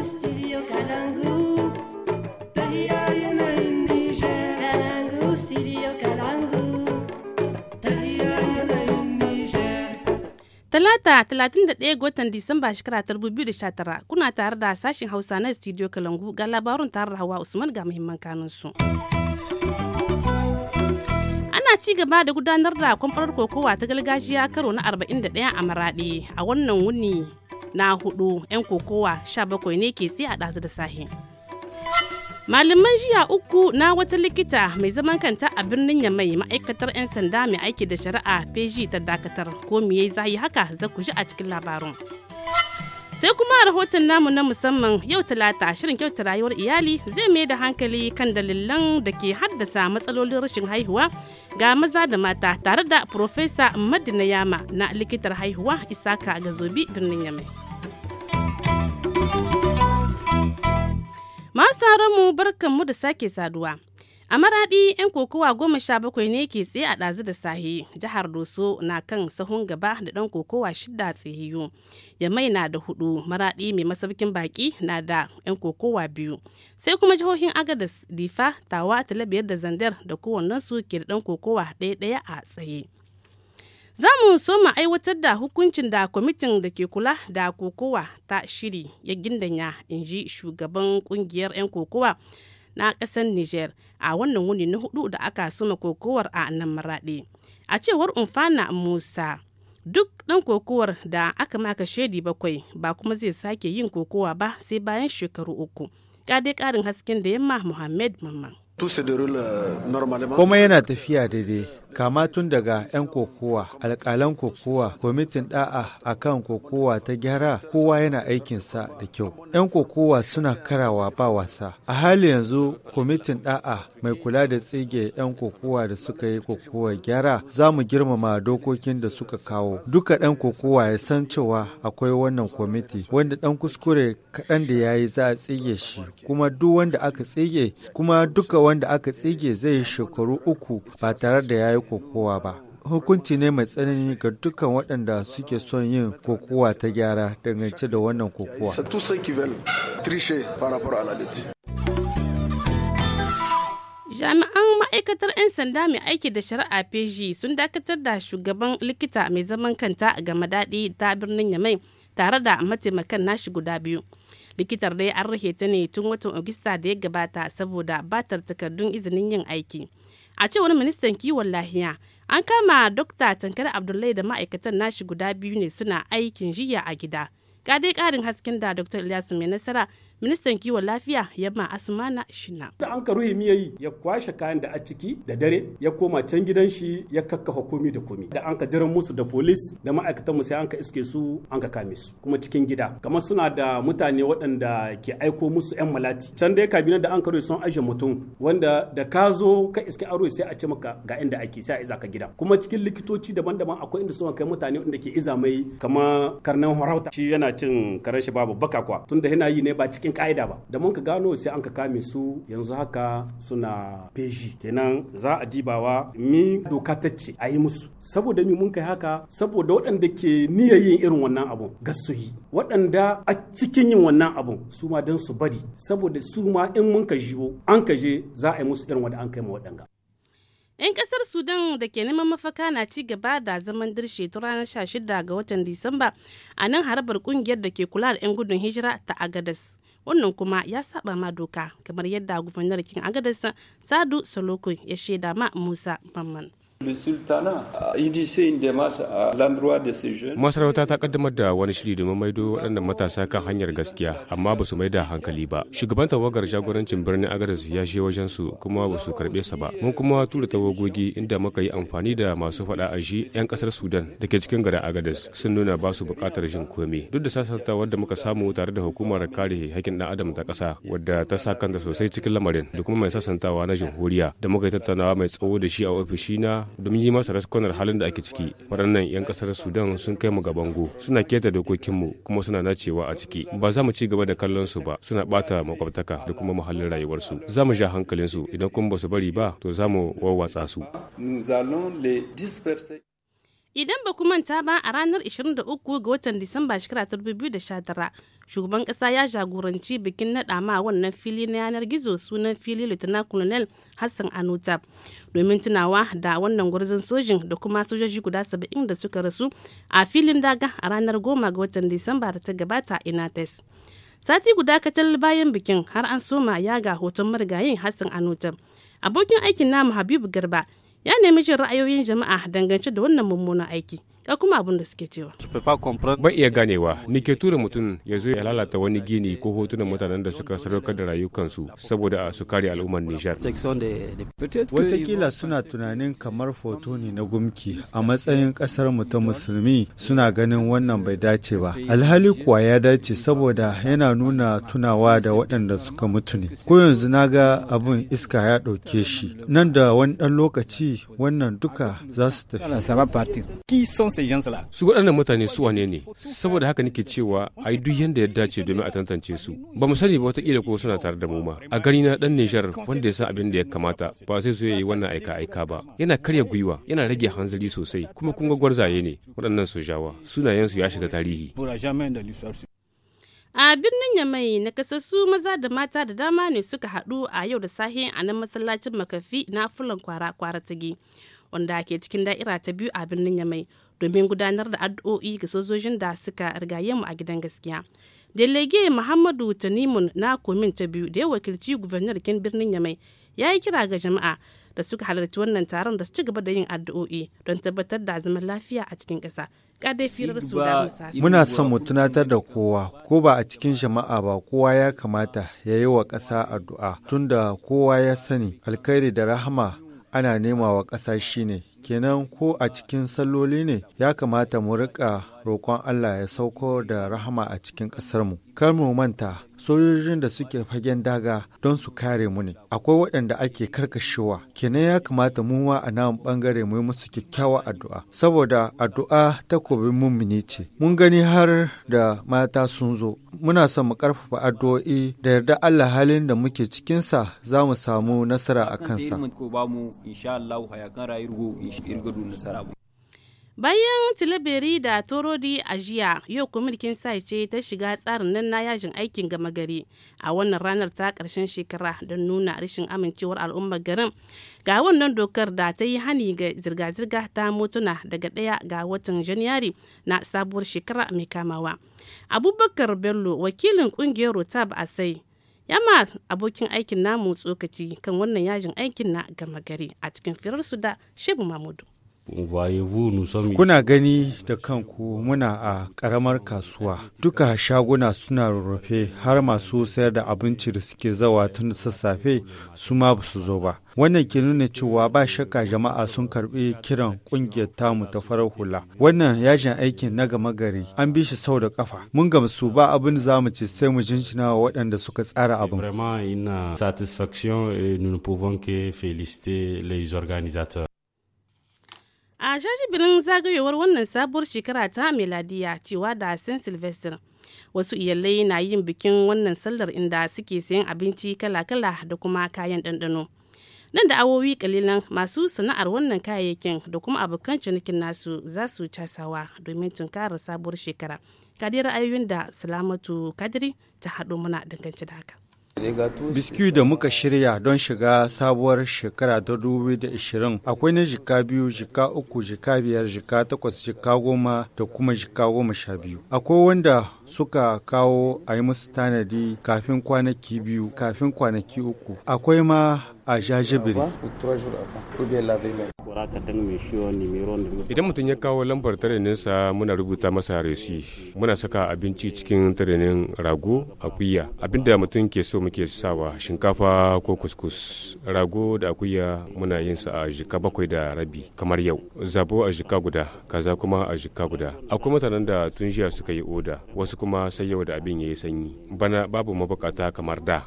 studio Talata 31 ga watan Disamba shekara 2019 kuna tare da sashen Hausa na studio Kalangu ga labarun tare Hawa Usman ga muhimman kanunsu. ana ci gaba da gudanar da kwamfarar kokowa ta galgajiya karo na 41 a maraɗe a wannan wuni na hudu 'yan kokowa sha bakwai ne ke siya a ɗazu da sahi malaman jiya uku na wata likita mai zaman kanta a birnin yamai ma'aikatar 'yan sanda mai aiki da shari'a peji ta dakatar ko me zai haka za ku ji a cikin labarin sai kuma rahoton namu na musamman yau talata shirin kyauta rayuwar iyali zai mai da hankali kan dalilan da ke haddasa matsalolin rashin haihuwa ga maza da mata tare da profesa madina yama na likitar haihuwa isaka gazobi birnin yamai masu mu barkanmu da sake saduwa a maraɗi 'yan kokowa goma sha bakwai ne ke tsaye a ɗazu da sahi jihar doso na kan sahun gaba da ɗan kokowa shida ya yamai na da hudu maraɗi mai masaukin baƙi na da 'yan kokowa biyu sai kuma jihohin agadas difa tawa talabiyar da zandar da kowannensu ke da ɗan kokowa ɗaya ɗaya a tsaye za mu so mu aiwatar da hukuncin da kwamitin da ke kula da kokowa ta shiri ya gindanya in ji shugaban kungiyar 'yan kokowa na ƙasar niger a wannan wuni na hudu da aka suma kokowar a nan maraɗe a cewar umfana musa duk ɗan kokowar da aka maka shaidi bakwai ba kuma zai sake yin kokowa ba sai bayan shekaru uku ƙadai ƙarin hasken da yamma Muhammad mamman euh, Komai yana tafiya daidai kama tun daga 'yan kokowa alkalan kokowa kwamitin da'a a kan kokowa ta gyara kowa yana aikinsa da kyau 'yan kokowa suna karawa ba wasa a hali yanzu kwamitin da'a mai kula da tsige 'yan kokowa da suka yi kokowa gyara za mu girmama dokokin da suka kawo duka ɗan kokowa ya san cewa akwai wannan kwamiti wanda ɗan kuskure kaɗan da ya yi za a tsige shi kuma duk wanda aka tsige kuma duka wanda aka tsige zai yi shekaru uku ba tare da ya yi kokowa ba. Hukunci ne mai tsanani ga dukkan waɗanda suke son yin kokowa ta gyara dangance da wannan kokowa. Jami'an ma'aikatar 'yan sanda mai aiki da shari'a feji sun dakatar da shugaban likita mai zaman kanta ga gama ta birnin Yamai tare da mataimakan nashi guda biyu. likitar dai an rahe ta ne tun watan Agusta da ya gabata saboda batar takardun izinin yin aiki. a ce cewar ministan kiwon lahiya an kama dokta tankar abdullahi da ma'aikatan nashi guda biyu ne suna aikin jiya a gida kadai karin hasken da dr ilyasu mai nasara ministan kiwon lafiya yamma asumana shina da an karu miyayi ya kwashe kayan da a ciki da dare ya koma can gidan shi ya kakkafa komi da komi da an ka jiran musu da polis da ma'aikatan mu sai an ka iske su an ka kame su kuma cikin gida kamar suna da mutane waɗanda ke aiko musu yan malati can dai kabinet da an karu sun aje mutum wanda da ka zo ka iske aro sai a ce maka ga inda ake sai a iza ka gida kuma cikin likitoci daban-daban akwai inda suna kai mutane inda ke iza mai kamar karnan harauta shi yana cin karen shi babu baka kwa tunda yana yi ne ba cikin cikin ka'ida ba da mun ka gano sai an ka kame su yanzu haka suna peji kenan za a dibawa mi doka ta ce a yi musu saboda mi mun kai haka saboda waɗanda ke niyyar yin irin wannan abun ga yi waɗanda a cikin yin wannan abun su ma don su bari saboda su ma in mun ka jiwo an ka je za a yi musu irin wanda an kai ma waɗanga 'Yan kasar Sudan da ke neman mafaka na ci gaba da zaman dirshe ta ranar 16 ga watan Disamba a nan harabar kungiyar da ke kula da 'yan gudun hijira ta Agadas. wannan kuma ya saba ma doka kamar yadda gwamnatin agadarsa sadu soloko ya shaida ma musa bamman Masarauta ta kaddamar da wani shiri domin maido waɗannan matasa kan hanyar gaskiya amma ba su mai da hankali ba. Shugaban tawagar jagorancin birnin Agadez ya je wajen su kuma ba su karɓe sa ba. Mun kuma tura tawagogi inda muka yi amfani da masu faɗa a shi 'yan ƙasar Sudan da ke cikin garin Agadez sun nuna ba su buƙatar jin komai. Duk da sasanta wadda muka samu tare da hukumar kare haƙƙin ɗan adam ta ƙasa wadda ta sa kanta sosai cikin lamarin da kuma mai sasantawa na jamhuriya da muka yi tattaunawa mai tsawo da shi a ofishina domin yi masa raskonar halin da ake ciki waɗannan 'yan kasar sudan sun kai mu ga bango suna keta dokokinmu kuma suna nacewa a ciki ba za mu ci gaba da kallon su ba suna ɓata makwabtaka da kuma muhallin rayuwarsu za mu ja hankalin su idan kuma ba su bari ba to za mu wawwatsa su Idan ba manta ba a ranar 23 ga watan Disamba shekara 2019, shugaban kasa ya jagoranci bikin naɗa ma wannan fili na yanar gizo sunan fili Lieutenant Colonel Hassan Anutab. domin tunawa da wannan gwarzon sojin da kuma sojoji guda saba'in da suka rasu a filin daga a ranar goma ga watan disamba da ta gabata inates sati guda kacal bayan bikin har an soma ya ga hoton marigayin hassan anuta abokin aikin namu habibu garba ya nemi jin ra'ayoyin jama'a dangance da wannan mummunan aiki da kuma abin da suke cewa. Ban iya ganewa, ni ke tura mutum ya zo ya lalata wani gini ko hotunan mutanen da suka sadaukar da rayukansu saboda su kare al'ummar Nijar. Wataƙila suna tunanin kamar foto ne na gumki a matsayin ƙasar mu ta musulmi suna ganin wannan bai dace ba. Alhali kuwa ya dace saboda yana nuna tunawa da waɗanda suka mutu ne. Ko yanzu na ga abin iska ya ɗauke shi. Nan da wani ɗan lokaci wannan duka za su tafi. su waɗannan mutane su wane ne saboda haka nake cewa a yi duk yadda ya dace domin a tantance su ba mu sani ba watakila ko suna tare da mu ma a gani na ɗan nijar wanda ya san abin da ya kamata ba sai su yi wannan aika aika ba yana karya gwiwa yana rage hanzari sosai kuma kun ga gwarzaye ne waɗannan sojawa sunayensu ya shiga tarihi a birnin yamai nakasassu maza da mata da dama ne suka hadu a yau da sahe a nan masallacin makafi na fulan kwara kwara tage wanda ke cikin da'ira ta biyu a birnin yamai domin gudanar da addu'o'i ga sojojin da suka rigaye mu a gidan gaskiya. Delege Muhammadu Tanimun na komin ta biyu da ya wakilci gubernar kin birnin Yamai ya yi kira ga jama'a da suka halarci wannan taron da su ci gaba da yin addu'o'i don tabbatar da zaman lafiya a cikin ƙasa. firar su da Muna son mu tunatar da kowa, ko ba a cikin jama'a ba kowa ya kamata ya yi wa ƙasa addu'a tunda kowa ya sani alkhairi da rahama ana nema wa ƙasa shine kenan ko a cikin salloli ne ya kamata mu riƙa roƙon Allah ya sauko da rahama a cikin ƙasarmu. Kar mu manta sojojin da suke fagen daga don su kare mu ne. Akwai waɗanda ake karkashewa, kenan ya kamata mu ma a nan ɓangare mu yi musu kyakkyawa addu'a. Saboda addu'a takobin mummuni ce. Mun gani har da mata sun zo. Muna son mu ƙarfafa addu'o'i da yarda Allah halin da muke cikinsa za mu samu nasara a kansa. bayan tilaberi da torodi a jiya yau kwamitin sai ce ta shiga tsarin nan na yajin aikin gama gari a wannan ranar ta karshen shekara don nuna rashin amincewar al'ummar garin ga wannan dokar da ta yi hani ga zirga-zirga ta motuna daga ɗaya ga watan janairu na sabuwar shekara mai kamawa abubakar bello wakilin kungiyar rotab a sai yama abokin aikin namu tsokaci kan wannan yajin aikin na gama gari a cikin firarsu da shebu mamudu Kuna gani da kanku muna a karamar kasuwa. Duka shaguna suna rurrufe har masu sayar da abinci da suke zawa tun sassafe su ma ba su zo ba. Wannan ke nuna cewa ba shakka jama'a sun karɓi kiran ƙungiyar tamu ta farar hula. Wannan yajin aikin na gama gari an bi shi sau da ƙafa. Mun gamsu ba abin za mu ce sai mu jinjina wa waɗanda suka tsara abin. Vraiment satisfaction et a birnin zagayowar wannan sabuwar shekara ta meladiya cewa da saint sylvester wasu iyalai na yin bikin wannan sallar inda suke sayan abinci kala-kala da kuma kayan ɗanɗano nan da awowi kalilan masu sana'ar wannan kayayyakin da kuma abokan cinikin nasu za su casawa domin tunkarar sabuwar shekara kadai ra'ayoyin da salamatu kadiri ta haɗo muna dangance da haka Biskiyu da muka shirya don shiga sabuwar shekara ta 2020 akwai na jika biyu, jika uku, jika biyar, jika takwas, jika goma da kuma jika goma sha biyu. Akwai wanda suka kawo a yi musu tanadi kafin kwanaki biyu, kafin kwanaki uku. Akwai ma a jajibiri idan mutum ya kawo lambar tareninsa muna rubuta masa resi muna saka abinci cikin tarenin rago akuya abinda mutum ke so muke sawa shinkafa ko kuskus rago da akuya muna yin sa a jika bakwai da rabi kamar yau zabo a jika guda kaza kuma a jika guda akwai mutanen da tun jiya suka yi oda wasu kuma sai yau da abin ya yi sanyi bana babu mabukata kamar da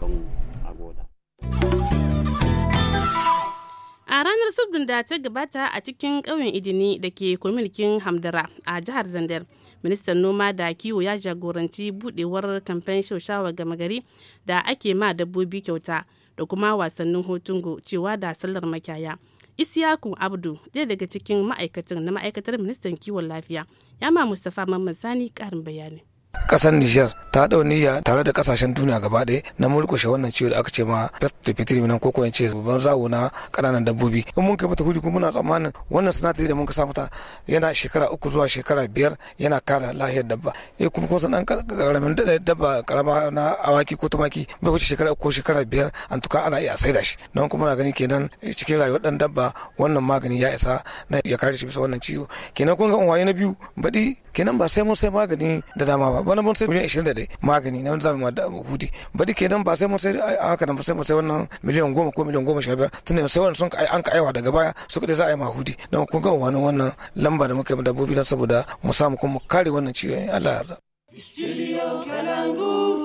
a ranar subdin da ta gabata a cikin ƙauyen idini da ke kwamilkin hamdara a jihar zandar ministan noma da kiwo ya jagoranci budewar kamfen shaushawa gama gari da ake ma dabbobi kyauta da kuma wasannin hotungo cewa da sallar makyaya isiyaku abdu ɗaya daga cikin ma'aikatan na ma'aikatar ministan kiwon lafiya ya ma mustapha mamman sani ƙarin bayani kasar Nijar ta dau niyya tare da kasashen duniya gaba ɗaya na mulkushe wannan ciwo da aka ce ma pest to nan ko ko ce babban zawo na kananan dabbobi in mun kai mata hudu kuma muna tsammanin wannan sanatari da mun ka mata yana shekara uku zuwa shekara biyar yana kara lahiyar dabba eh kuma ko san dan karamin da dabba karama na awaki ko tumaki bai wuce shekara uku ko shekara biyar an tuka ana iya saida shi don kuma na gani kenan cikin rayuwar dan dabba wannan magani ya isa na ya kare shi bisa wannan ciwo kenan kun ga unwaye na biyu baɗi kenan ba sai mun sai magani da dama ba kenan mun sai miliyan ishirin da ɗaya magani na wani zamani da hudi ba duk kenan ba sai mun sai a haka nan ba sai mun sai wannan miliyan goma ko miliyan goma sha biyar tun da sai wannan sun an ka aiwa daga baya su kuɗi za a yi ma hudi don kun ga wani wannan lamba da muka yi dabbobi na saboda mu samu kuma kare wannan ciwon Allah ya yarda. Studio Kalangu.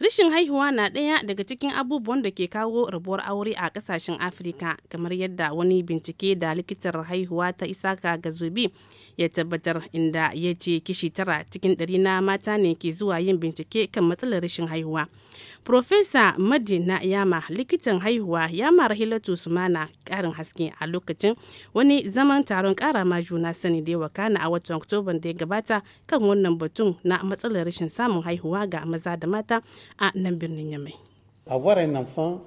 Rashin haihuwa na ɗaya daga cikin abubuwan da ke kawo rabuwar aure a ƙasashen Afirka, kamar yadda wani bincike da likitar haihuwa ta Isaka gazubi ya tabbatar inda ya ce kishi tara cikin ɗari na mata ne ke zuwa yin bincike kan matsalar rashin haihuwa. Profesa Madina Yama, likitan haihuwa, ya mara Hilatu Sumana ƙarin haske a lokacin wani zaman taron ƙara ma juna sani da yawa kana a watan Oktoban da ya gabata kan wannan batun na matsalar rashin samun haihuwa ga maza da mata Ah, Avoir un enfant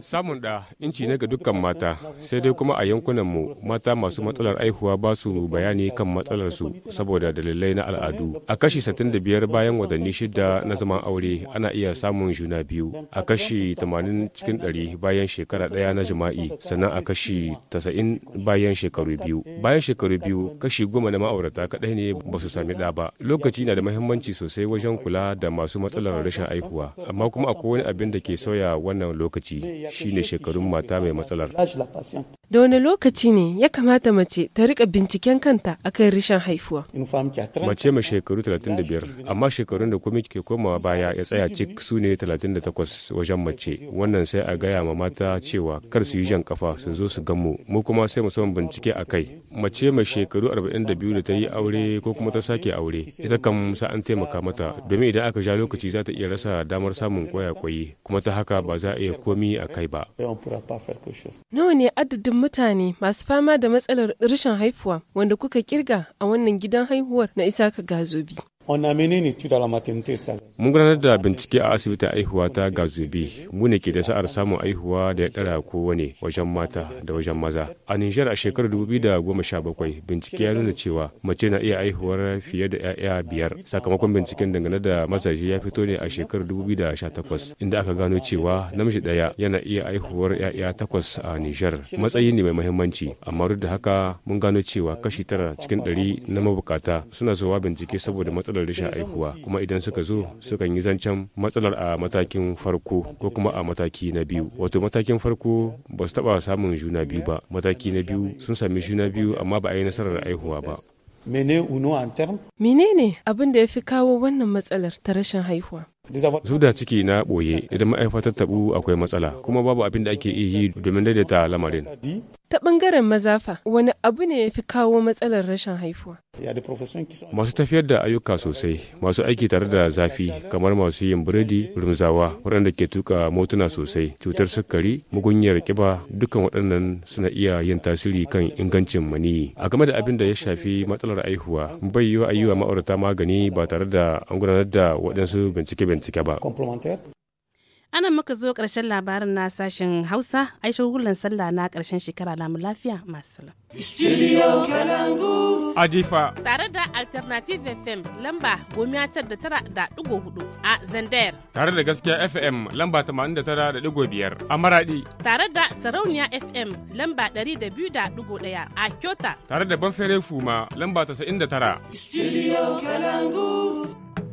Samun da inci ne ga dukkan mata, sai dai kuma a yankunanmu mata masu matsalar aihuwa ba su bayani kan matsalarsu saboda dalilai na al'adu. A kashi 65 bayan wadanni shida na zaman aure ana iya samun juna biyu, a kashi 80 cikin 100 bayan shekara daya na jima'i, sannan a kashi 90 bayan shekaru biyu. Bayan shekaru biyu, kashi goma na ma'aurata kadai ne ba su sami da ba. Lokaci na da mahimmanci sosai wajen kula da masu matsalar rashin aihuwa, amma kuma akwai wani abin da ke sauya wannan lokaci shine shekarun mata mai matsalar Da wani lokaci ne ya kamata mace ta rika binciken kanta akan rishin haifuwa? Mace mai shekaru 35, amma shekarun da kuma ke komawa baya ya tsaya cik su ne 38 wajen mace. Wannan sai a gaya ma mata cewa kar su yi jan kafa sun zo su gan mu, mu kuma sai mu samun bincike a kai. Mace mai shekaru 42 da ta yi aure ko kuma ta sake aure, ita kam sa an taimaka mata domin idan aka ja lokaci za ta iya rasa damar samun kwaya-kwayi, kuma ta haka ba za a iya komi a kai ba. Nawa ne adadin mutane masu fama da matsalar rashin haifuwa wanda kuka kirga a wannan gidan haihuwar na Isaka Gazobi. Mun gudanar da bincike a asibitin aihuwa ta Gazubi, mu ne ke da sa'ar samun aihuwa da ya ɗara kowane wajen mata da wajen maza. A Nijar a shekarar 2017 bincike ya nuna cewa mace na iya aihuwar fiye da 'ya'ya biyar. Sakamakon binciken dangane da mazaje ya fito ne a shekarar 2018 inda aka gano cewa namiji ɗaya yana iya aihuwar 'ya'ya takwas a Nijar. Matsayi ne mai muhimmanci, amma duk da haka mun gano cewa kashi tara cikin ɗari na mabukata suna zuwa bincike saboda matsalar matsalar rashin aikuwa kuma idan suka zo sukan yi zancen matsalar a matakin farko ko kuma a mataki na biyu wato matakin farko ba su taba samun juna biyu ba mataki na biyu sun sami juna biyu amma ba a yi nasarar aihuwa ba mene ne menene abin da ya fi kawo wannan matsalar ta rashin haihuwa zuda ciki na boye idan ma'aifa ta tabu akwai matsala kuma babu abin da ake iya yi domin daidaita lamarin Ta ɓangaren mazafa wani abu ne ya fi kawo matsalar rashin haifuwa. Masu tafiyar da ayyuka sosai, masu aiki tare da zafi kamar masu yin biredi, rumzawa, waɗanda ke tuka motuna sosai, cutar sukari, mugunyar kiba dukkan waɗannan suna iya yin tasiri kan ingancin maniyi. A game da abin da ya shafi matsalar haihuwa bai yiwa ayyuwa ma'aurata magani ba tare da an gudanar da waɗansu bincike-bincike ba. ana muka zo ƙarshen labarin na sashen hausa aisha hulun sallah na ƙarshen shekara lamu lafiya masu Studio Kalangu. Adifa. Tare da Alternative FM lamba gomiya tar da tara da ɗigo hudu a Zandayar. Tare da gaskiya FM lamba tamanin da tara da ɗigo biyar a Maradi. Tare da Sarauniya FM lamba ɗari da biyu da ɗigo ɗaya a Kyota. Tare da Banfere Fuma lamba tasa'in da tara. Studio Kalangu.